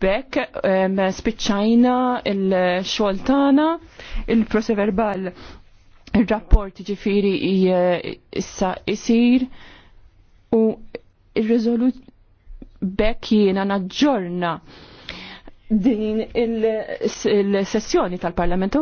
bekk spiċċajna il-xoltana, il verbal, il-rapport ġifiri issa isir u il-rezolut bekk jiena naġġorna din il-sessjoni il sessjoni tal parlament